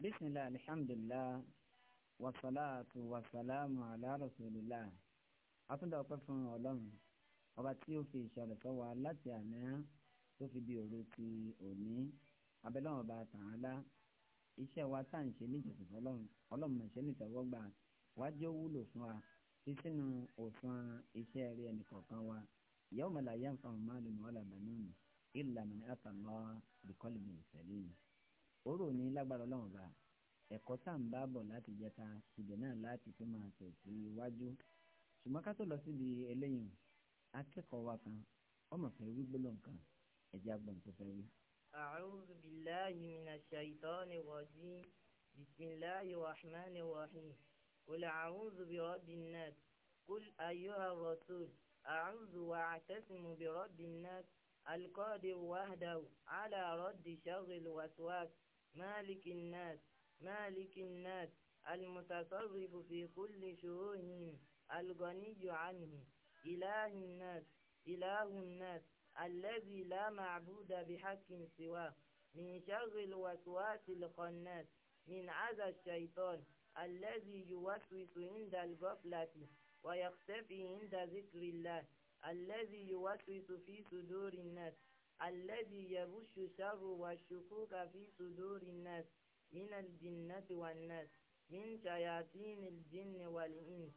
bisimilah alihamdulilah wasalaatu wasalaamu ala rasulillah atúndà ọpẹ́ fún Ọlọ́run ọba tí ó fi ìṣọ̀rọ̀ sọ wa láti àná tó fi di òru ti òní abẹ́lẹ́wọ̀n ọba tààlà iṣẹ́ wa tá à ń ṣe níjọsìn fọ́lọ́run Ọlọ́run mọ̀ṣẹ́ nìtẹ́wọ́gbà wájú ó wúlò fún wa fi sínú òfin iṣẹ́ rí ẹnì kọ̀ọ̀kan wa yawma la yanfa'u malun wala banun illa man ata Allah biqalbin salim orò ní lágbára ọlọ́run bá ẹ̀kọ́ tá à ń bá bọ̀ láti jẹta ibẹ̀ náà láti fi máa tẹ̀ sí iwájú ṣùgbọ́n ká tó lọ síbi ẹlẹ́yìn akẹ́kọ̀ọ́ wa kan ọmọ fẹ́ wí gbólóhùn kan ẹ̀jẹ̀ agbọ̀n tó fẹ́ wí. A'udhu billahi minash shaitani rajim bismillahir rahmanir rahim qul a'udhu bi rabbin nas qul ayyuha rasul a'udhu wa atasimu bi rabbin nas alqadir wahdahu ala raddi sharril مالك الناس مالك الناس المتصرف في كل شؤونهم الغني عنه إله الناس إله الناس الذي لا معبود بحق سواه من شر الوسواس الخناس من عذى الشيطان الذي يوسوس عند الغفلة ويختفي عند ذكر الله الذي يوسوس في صدور الناس الذي يبش الشر والشكوك في صدور الناس من الجنة والناس من شياطين الجن والإنس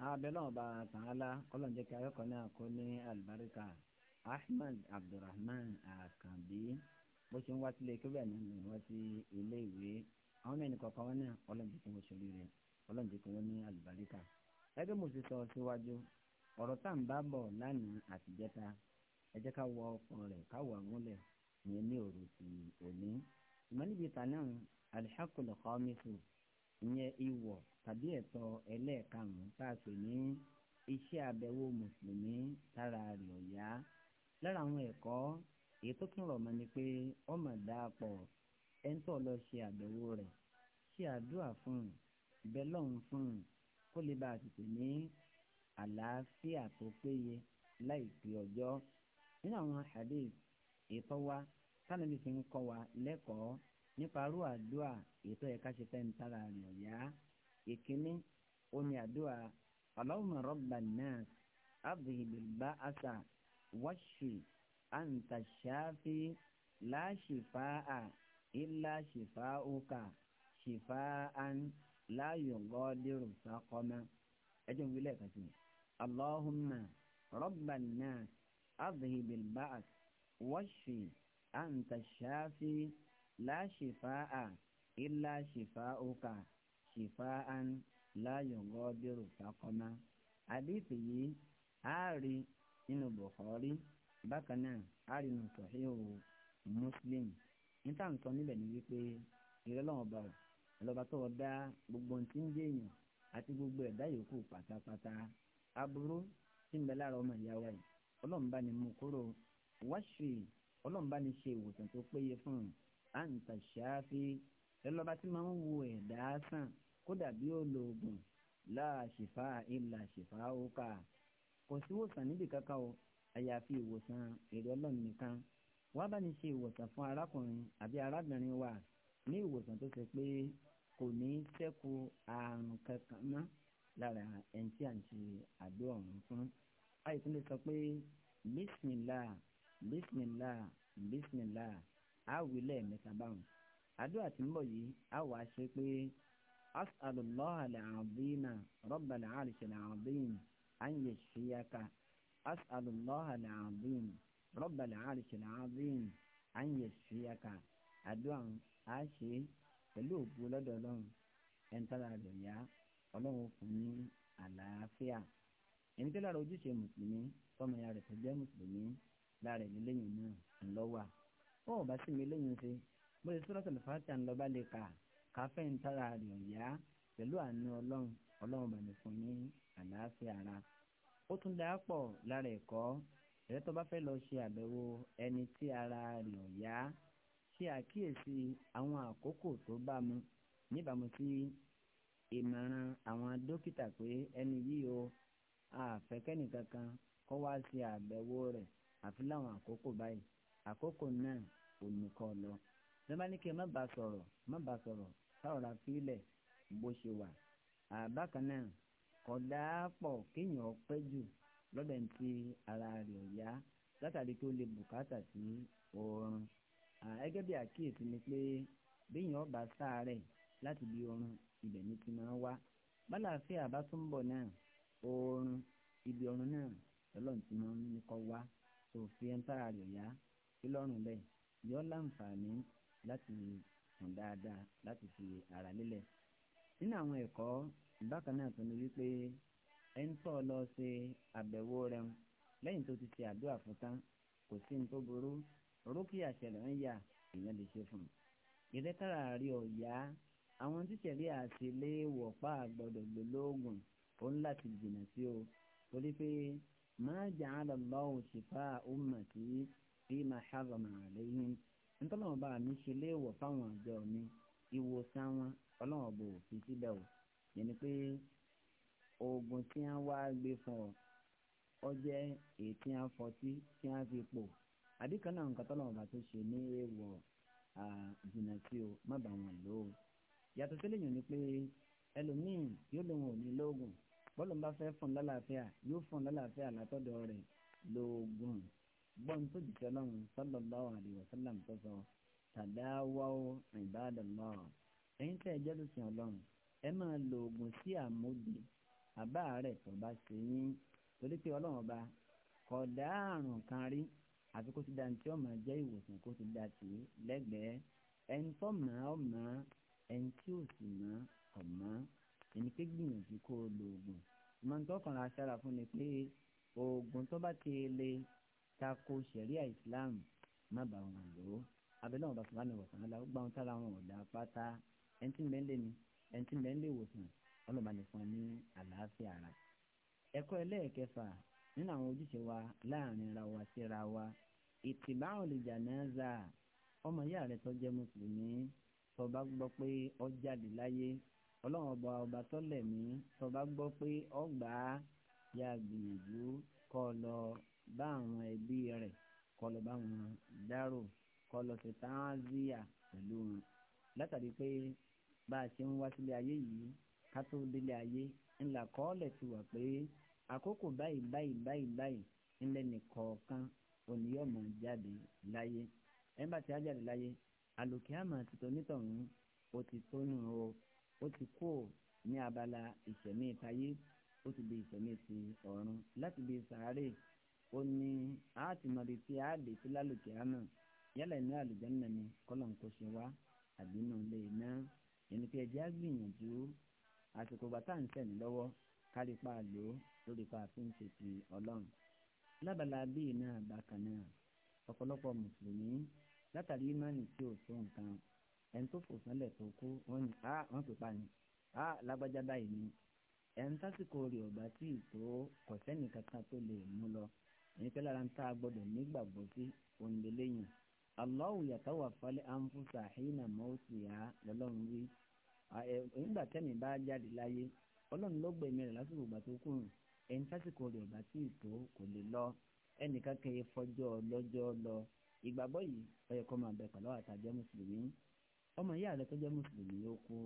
abẹ́lẹ́ ah, ọba tààlà kọ́lọ́njẹ́ kí ayọ́kọ́ náà kó ní alibarika ahmed abdulrahman akanbi bó ṣe ń wá sílé kí bẹ́ẹ̀ náà ń wá sí ilé ìwé àwọn mẹ́rin kọ̀ọ̀kan wọn náà kọ́lọ́njẹ́ kí wọ́n ṣorí rẹ̀ kọ́lọ́njẹ́ kí wọ́n ní alibarika. ẹgbẹ́ mo ti sọ síwájú ọ̀rọ̀ tá à ń bá bọ̀ lánàá àtijẹ́ta ẹ jẹ́ ká wọ ọkàn rẹ̀ ká wà múlẹ̀ ìyẹn ní òru ti òní. ìmọ̀ níbi ìta náà alihakul kọ́mísù ìyẹn ìwọ̀ tàbí ẹ̀tọ́ ẹlẹ́ẹ̀karùn-ún tá a pè ní iṣẹ́ abẹ́wò mùsùlùmí tára rẹ̀ ọ̀yá. lára àwọn ẹ̀kọ́ èyí tó tún rọ̀ mọ́ ni pé ọmọ dáàpọ̀ ẹ̀ ń tọ̀ lọ ṣe àbẹ̀wò rẹ̀ ṣe àdúrà fún un fún kó lè bá a tètè ní àlàáfíà tó péye láìpẹ́ ọjọ́ nínú àwọn hadith ètò wa sanabi fi ń kọ́ wa lẹ́kọ̀ọ́ nípa arú àdúà ètò ẹ̀ka ṣe fẹ́ ń tara rẹ̀ ọ̀yá ìkíní omi àdúà Allahumma rabban nas adhibil ba'sa washfi anta shafi la shifaa illa shifauka shifaan la yughadiru saqama ẹjọ́ ń wí lẹ́ẹ̀kan sí i Allahumma rabban nas. اذهب البعث واشفي أنت الشافي لا شفاء إلا شفاؤك شفاء لا يغادر سقما àdìsí yìí a rí nínú Bukhari bákan náà a rí nínú Sahihu Muslim níta ń sọ níbẹ̀ ni wípé ìrẹ́lọ́wọ́n ọba ọlọ́ba tó dá gbogbo ohun tí ń jẹ́ èèyàn àti gbogbo ẹ̀dá yòókù pátápátá aburú tí ń bẹ lára ọmọ ìyá wa yìí ọlọ́run bá ní mú kúrò wáṣì ọlọ́run bá ní ṣe ìwòsàn tó péye fún un à ń tà ṣááfi ẹlọ́ba tí máa ń wo ẹ̀dá sàn kódà bí ó lo oògùn láàṣìfà ìlà ṣìfà òkà kò sí ìwòsàn níbi kankan o àyàfi ìwòsàn èrè ọlọ́run nìkan wá bá ní ṣe ìwòsàn fún arákùnrin àbí arábìnrin wa ní ìwòsàn tó ṣe pé kò ní ṣẹ́kù àrùn kankan mọ́ lára ẹni tí à ń ṣe àdó ọ̀hún fún. àìsàn lè sọ pé bísímìlà bísímìlà bísímìlà àwílẹ̀ mẹ́ta báwọn àdúrà tí ń bọ̀ yìí á wà á ṣe pé asàlùlọ́hà làǹdínà rọ́bà làǹṣẹ̀ làǹdín àyè ṣíyàká asàlùlọ́hà làǹdín rọ́bà làǹṣẹ̀ làǹdín àyè àdúrà á ṣe pẹ̀lú òkú lọ́dọ̀ ọlọ́run ẹ̀ńtàlá rẹ̀ yá ọlọ́run fún ní àlàáfíà. ẹni tó lára ojúṣe mùsùlùmí tọmọ ya rẹ̀ tó jẹ́ mùsùlùmí lára ẹni lẹ́yìn náà ńlọ́wà ó bá sì mí lẹ́yìn ṣe bó ṣe sọ́dọ̀ tẹ̀lé fàtà ńlọ bá lè kà káfẹ́ ń tara rẹ̀ ọ̀yá pẹ̀lú àánú ọlọ́run ọlọ́run bá mi fún ní àlàáfíà ara ó tún dáa pọ̀ lára ẹ̀kọ́ ẹ̀rẹ́ tó bá fẹ́ lọ ṣe àbẹ̀wò ẹni tí ara rẹ̀ ọ̀yá ṣe àkíyèsí àwọn àkókò tó bá mu níbàámu sí ìmọ̀ràn àwọn dókítà pé ẹni yìí o àfẹ́kẹ́nì kankan kó wá sí àbẹ̀wò rẹ̀ àfi láwọn àkókò báyìí àkókò náà ò ní kọ́ lọ. lọ́ba ní kí ẹ má bàa sọ̀rọ̀ má bàa sọ̀rọ̀ káwọn ra fílẹ̀ bó ṣe wà. àbákan náà kódà pọ̀ kéèyàn pẹ́ jù lọ́bẹ̀ ń ti ara rẹ̀ yá látàrí kí ó lè bùkátà sí oorun. gẹ́gẹ́ bí àkíyèsí ni pé béèyàn bá sáà rẹ̀ láti bí oorun ibẹ̀ ní ti máa wá. bálàáfíà bá tún bọ̀ náà oorun ibi ọrùn náà lọ́lọ́run ti máa ń wá fi tára rẹ̀ yá lọ́rùn yọ láǹfààní láti sùn fi ara lélẹ̀. nínú àwọn ẹ̀kọ́ bákan náà tó ní wípé ẹ ń tọ́ lọ ṣe àbẹ̀wò rẹ̀ lẹ́yìn tó ti ṣe àdúrà fún tán kò sí ní tó burú rúkìá ṣẹlẹ̀ ń yà èèyàn lè ṣe fún un. pa àgbọ̀dọ̀ ó ń láti jìnnà sí o torí pé máa ja'ala Allahu shifaa ummati fima harrama alayhim ntọ́lọ́wọ́n bá mi ṣe léèwọ̀ fáwọn àjọ mi ìwòsàn wọn ọlọ́wọ́n bò fi síbẹ̀ o yẹn ni pé oògùn tí wọ́n wá gbé fún ọ ọ jẹ́ èyí tí wọ́n fọtí tí wọ́n fi pò àdìkan náà nǹkan tọ́lọ́wọ́n bá tó ṣe ní èèwọ̀ jìnnà sí o má bà wọn lò ó yàtọ̀ sílẹ̀ yẹn ni pé ẹlòmíì yóò lóun ò ní lóògùn bọ́ọ̀lù bá fẹ́ fún lálàáfíà yóò fún lálàáfíà látọ̀dọ̀ rẹ̀ lóògùn gbọ́n tó jìṣẹ́ ọlọ́run sallallahu alaihi wasallam tó sọ tadawaw ibadallah ẹ̀yin tẹ́ ẹ jẹ́ tó sìn ọlọ́run ẹ máa lo oògùn sí àmódi àbá rẹ̀ tó bá ṣe yín torí pé ọlọ́run ọba kọ̀ dá àrùn kan rí àfi kó ti da ntí ọmọ jẹ́ ìwòsàn kó ti da tì í lẹ́gbẹ̀ẹ́ ẹni tó mọ̀ ọ́ mọ̀ ẹni tí ò sì mọ̀ ọ̀ ẹni pé gbìyànjú kó o lo oògùn ìmọ̀ tó kàn ra ṣára fún ni pé oògùn tó bá ti le tako ṣẹ̀ríà Islam má bàa wọn lò ó abẹ́lẹ́ wọn bá sọ lánàá ìwòsàn ọ̀la ó gbà wọn tára wọn ọ̀dà pátá ẹni tí mẹ́lẹ́ ni ẹni tí mẹ́lẹ́ ìwòsàn ọlọ́ba nìkan ní àlàáfíà ara. ẹ̀kọ́ ẹlẹ́ẹ̀kẹfà nínú àwọn ojúṣe wa láàrin ra wa síra wa ìtìbáwọn lè jànáza ọmọ ìyá tó jẹ́ mùsùlùmí tó bá gbọ́ pé ó jáde láyé ọlọ́run ọba ọba tọ́lẹ̀ mí tọba gbọ́ pé ọgbà ya gbìyànjú kọ́ lọ bá àwọn ẹbí rẹ̀ kọ́ lọ bá wọn dárò kọ́ lọ sí tánzíà pẹ̀lú wọn látàrí pé bá a ṣe ń wá sílé ayé yìí ká tó délé ayé ńlá kọ́ọ̀lẹ̀ ti wà pé àkókò báyìí báyìí báyìí báyìí ńlẹ̀ nìkọ̀ọ̀kan oníyọ̀mọ̀ jáde láyé ẹ̀ ń bá ti á jáde láyé àlòkè àmà àtìtò nítọ̀hún ó ti tónú o ó ti kú ní abala ìṣẹ̀mí ìtayé ó ti di ìṣẹ̀mí ti ọ̀run láti di sàárè ó ní àátìmọ̀dé tí a lè fi lálùkì àmà yálà inú àlùjánnà ni kọ́lọ̀n kó ṣe wá àbínú ilé iná ẹni pé ẹjẹ́ á gbìyànjú àsìkò bàtà ń sẹ̀ ní lọ́wọ́ kárípa lò ó lórí pa àfi ṣe ti ọlọ́run lábala bíi náà bákan náà ọ̀pọ̀lọpọ̀ mùsùlùmí látàrí ìmánì tí ò tó nǹkan ẹni tó fò sánlẹ̀ tó kú wọ́n ní a ah, wọ́n fi pa ni a ah, lágbájá báyìí ni ẹni tásìkò rẹ̀ ọ̀gbà tí ìtò kò sẹ́ni kankan tó lè mú lọ èyí pé lára ń tá a gbọ́dọ̀ nígbàgbọ́ sí òǹdẹ̀lẹ́yìn Allahu yatawaffal anfusa hina mawtiha lọ́lọ́run wí nígbà tẹ́mi bá jáde láyé ọlọ́run ló gbẹ̀mí rẹ̀ lásìkò ìgbà tó kù ẹni tásìkò rẹ̀ ọ̀gbà tí ìtò kò lè lọ ẹnìkan kẹyẹ fọjọ́ lọ́jọ́ lọ ìgbàgbọ́ yìí ó máa bẹ pẹ̀lú àtàjẹ́ mùsùlùmí ọmọ ìyá rẹ tó jẹ́ mùsùlùmí ó kú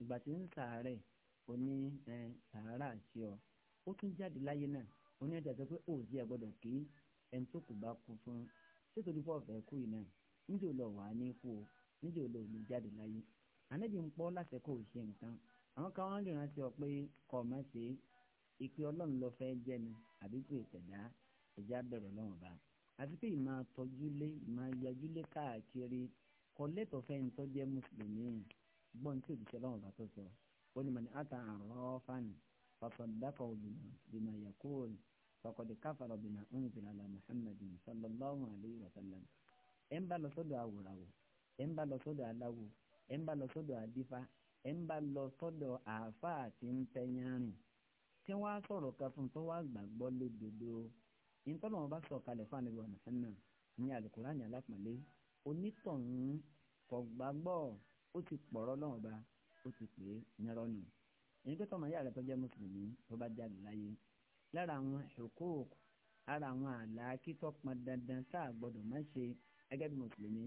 ìgbà tí ń sàárẹ̀ ó ní sàárà àti ọ ó tún jáde láyé náà ó ní ẹ̀dá sọ pé ó sì ẹ̀gbọ́dọ̀ kí ẹni tó kù bá kú fún ṣètò ìdúpọ̀ ọ̀fẹ́ kú yìí náà níjẹ́ ò lọ wà á ní kú o níjẹ́ ò lọ òní jáde láyé ànábì ń pọ́ láṣẹ kó o ṣe nǹkan àwọn kan wọ́n lè rántí ọ pé kọ̀ má ṣe ìpè ọlọ́run lọ fẹ́ jẹ́ ni àbí ìtẹ̀dá ẹ̀já bẹ̀rẹ̀ lọ́wọ́n bá àti pé ìmáa kọ́lẹ́tọ̀ fẹ́ni tó jẹ́ mùsùlùmí gbọ́n tí òjíṣẹ́ lọ́wọ́ bá tó sọ ó ní mọ̀ní àtà àrọ́fàn fàfọ̀dáfọ̀ bìmọ̀ yakul fàkọ̀dé káfàrọ̀ bìmọ̀ unzila ala muhammadin sallallahu alayhi wa sallam ẹ̀ ń bá lọ sọ́dọ̀ àwòràwò ẹ̀ ń bá lọ sọ́dọ̀ aláwo ẹ̀ ń bá lọ sọ́dọ̀ adífá ẹ̀ ń bá lọ sọ́dọ̀ àáfàá tí ń tẹ́yánrìn tí wọ́n á sọ̀rọ̀ kan fún tó wá gbàgbọ́ lódodo ìtọ́lọ́wọ́n bá sọ̀ kalẹ̀ fún àlejò ọ̀nà sẹ́nà ní àlùkùránì alápọ̀lé onítọ̀hún kò gbàgbọ́ ó ti pọ̀rọ̀ náà bá ó ti pè é nírọ́ nù èyí tó tọmọ yàrá tó jẹ́ mùsùlùmí tó bá jáde láyé lára àwọn hukuk ara àwọn àlàákí tó pọn dandan tá a gbọdọ̀ má ṣe gẹ́gẹ́ bí mùsùlùmí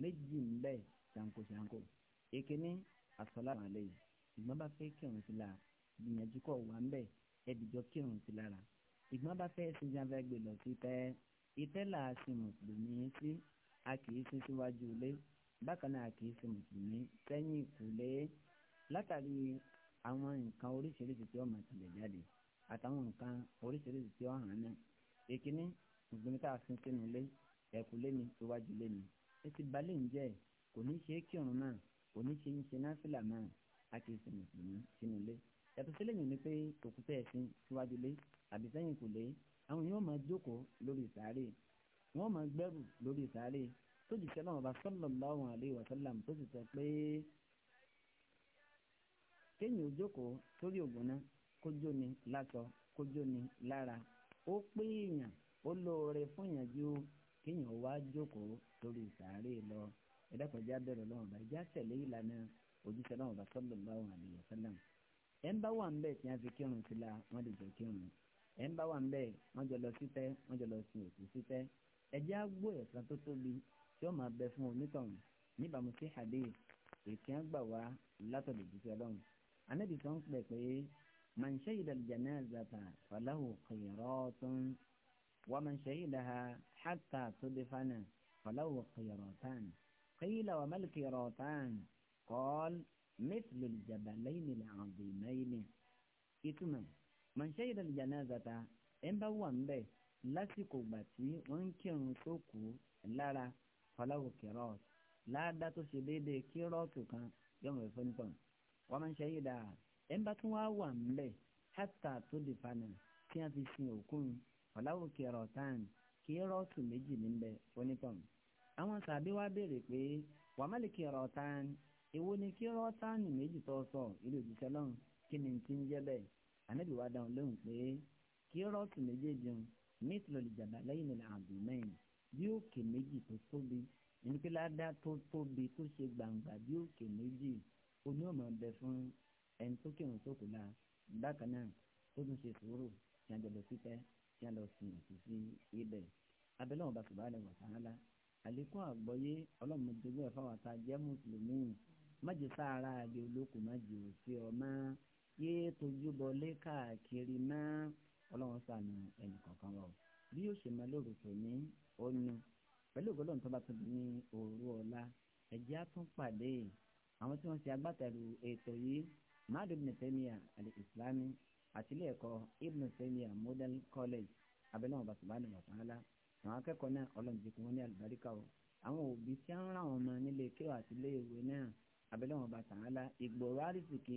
méjì ń bẹ ṣàǹkóṣàǹkó èkíní àsọláàmù àlẹ́ yìí ìgbọ́n bá fẹ́ kírun sí la gbìyànjú kọ̀ wá ń bẹ̀ ẹ̀dìjọ́ kírun sí lára ìgbọ́n bá fẹ́ ṣe jáfẹ́ gbé lọ sí tẹ́ ìtẹ́ là mùsùlùmí sí a kì í sin síwájú ilé bákan náà kì í ṣe mùsùlùmí sẹ́yìn ìkùlé látàrí àwọn nǹkan oríṣiríṣi tí wọ́n máa tilẹ̀ jáde àtàwọn nǹkan oríṣiríṣi tí wọ́n hàn náà èkíní mùsùlùmí tá a sin sínú ilé ẹ̀kúlé ni iwájú ilé ni etí balẹ̀ ń jẹ́ kò ní ṣe é kírun náà kò ní ṣe ń ṣe náfìlà náà a kì í ṣe mùsùlùmí sínú ilé yàtọ̀ sílẹ̀ yìí ni pé òkúta ẹ̀sìn síwájú ilé àbí sẹ́yìn ìkùlé àwọn yóò máa jókòó lórí sàárè wọ́n máa gbẹ́rù lórí sàárè tó jìṣẹ́ náà bá sallallahu alaihi wa sallam tó sì sọ pé kéèyàn jókòó sórí ògùn náà kó jóni lásọ kó jóni lára ó pé èèyàn ó lóore fún èèyàn ju kéèyàn wá jókòó sórí sàárè lọ ẹ̀dàkọ̀já bẹ̀rẹ̀ lọ́wọ́n bá ìjà tẹ̀lé ìlànà òjíṣẹ́ náà bá sallallahu alaihi wa sallam ẹ̀ ń bá wà ń bẹ̀ tí wọ́n fi kírun sí la wọ́n lè jọ kírun ẹ̀ ń bá wà ń bẹ̀ wọ́n jọ lọ sí tẹ́ wọ́n jọ lọ sí òkú sí tẹ́ ẹ̀jẹ̀ á gbọ́ ẹ̀san tó tóbi tí ó máa bẹ fún onítọ̀hún níbàámu sí hadith èké á gbà wá látọ̀dọ̀ jíjẹ ọlọ́run anábì kan pẹ̀ pé man shahida al-janazata falahu khayratun wa man shahidaha hatta tudfana falahu khayratan qila wa mal khayratan qala مثل الجبلين العظيمين ìtumọ̀ man shahida al-janazata ẹ̀ ń bá wà ń bẹ̀ lásìkò gbà wọ́n ń kírun tó kù lára fọláwò kìrọ́ọ̀t láàdá tó ṣe déédéé kìrọ́ọ̀tù kan yọmọ ìfẹ́ nítàn wọ́n máa ń ṣe yídà ẹ̀ńbà tó wá wà ńlẹ̀ hátà tó di panà tí wọ́n fi sin òkun fọláwò kìrọ́ọ̀tàn kìrọ́ọ̀tù méjì níbẹ̀ onítàn àwọn sàbí wá béèrè pé wàmálì kìrọ́ọ̀tàn èwo ni kìrọ́ọ̀tàn méjì tó sọ ìlú òjíṣẹ́ lọ́hùn kí ni ti ń jẹ́ bẹ́ẹ̀ ànábì wá dáhùn lóhùn pé kìrọ́ọ̀tù méjèèjì mítìlọ́lì bí òkè méjì tó tóbi ìnípínládá tó tóbi tó ṣe gbàǹgbà bí òkè méjì oní ọmọ ọbẹ fún ẹni tó kírun sókò la bákan náà tó tún ṣe sùúrù tí a jọlọ sí tẹ tí a lọ sìn sí ibẹ̀ abẹ́lẹ́ ọba subhanahu wa ta'ala àlékún àgbọ́yé ọlọ́mọdébí ẹ̀fọ́ wa ta jẹ́ mùsùlùmí májè sáárá àgbẹ̀ olókùn májè òsì ọmọ yé tójú bọlé káàkiri náà ọlọ́run ṣàánú ẹnì kọ̀ọ̀kan wa bí yóò ṣe máa lóòrùn tòní ọ̀nù pẹ̀lú ògbọ́lọ́n tó bá tóbi ní òru ọ̀la ẹ̀jẹ̀ á tún pàdé àwọn tí wọ́n ṣe agbátẹrù ètò yìí mahad ibn taymiya al-islami àti ilé ẹ̀kọ́ ibn taymiya model college abẹ́lẹ́ wọn subhanahu wa ta'ala àwọn akẹ́kọ̀ọ́ náà ọlọ́mọdé kí wọ́n ní àlùbáríkà o àwọn òbí tí wọ́n rán àwọn ọmọ nílé kéwà àti ilé ìwé náà abẹ́lẹ́ wọn ta'ala ìgbòho àrísìkì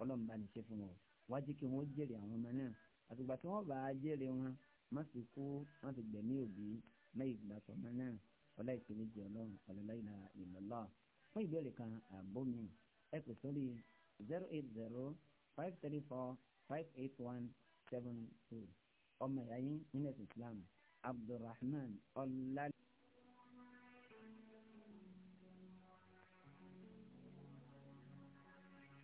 ọlọ́mọba ní ṣe fún wọn wájú kí wọ́n jèrè àwọn ọmọ náà àtùgbà tí wọ́n bá jèrè wọn má sì kú má sì gbẹ̀mí òbí lẹ́yìn ìgbà tó mọ́ náà ọlá ìpèníjì ọlọ́run ọ̀lẹ́lẹ́yìn ìlọ́lọ́ fún ìbéèrè kan àbó mi ẹ pè sórí zero eight zero five three four five eight one seven two ọmọ ìyá yín nílẹ̀ islam abdulrahman ọ̀làlẹ́.